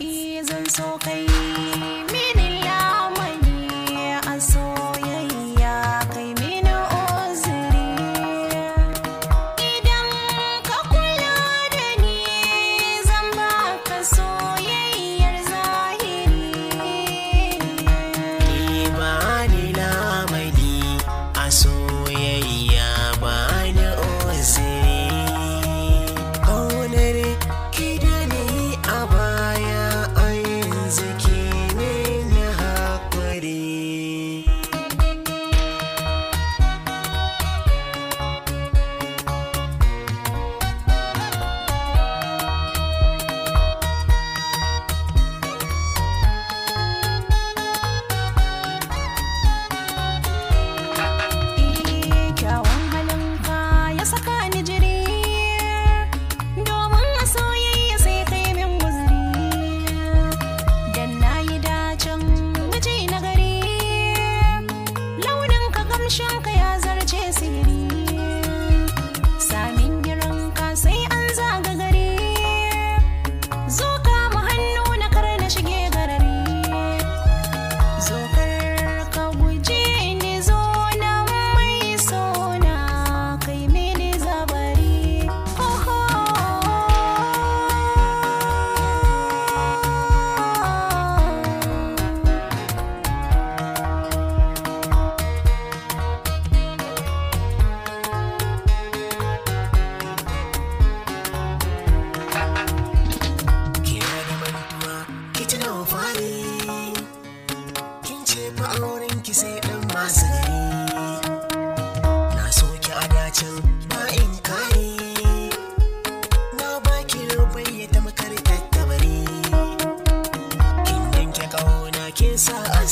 一人守黑。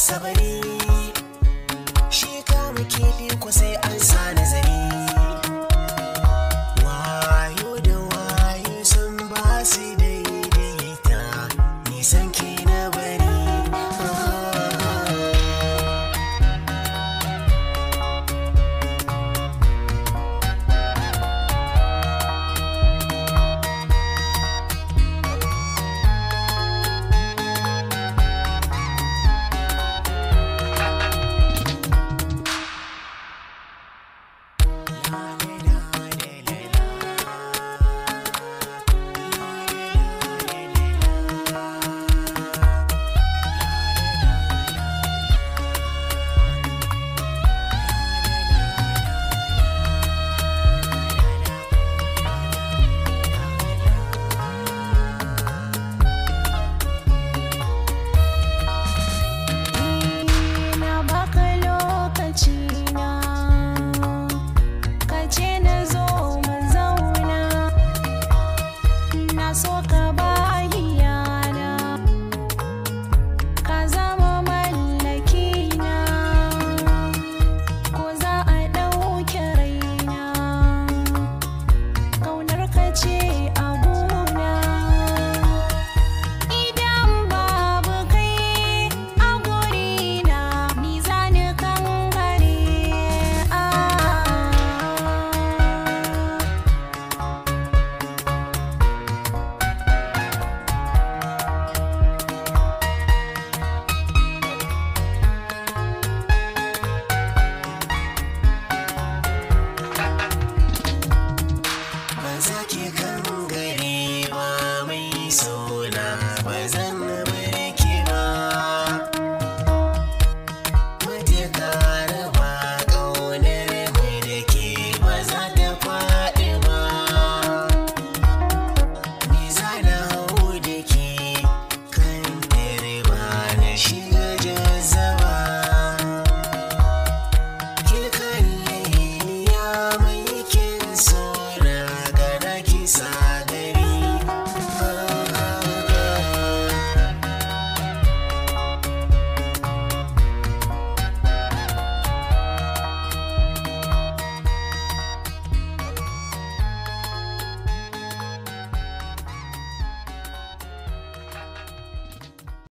sabari shi kama kifi ko sai an sa nazari wayo da wayo sun ba su daidaita nisan kifi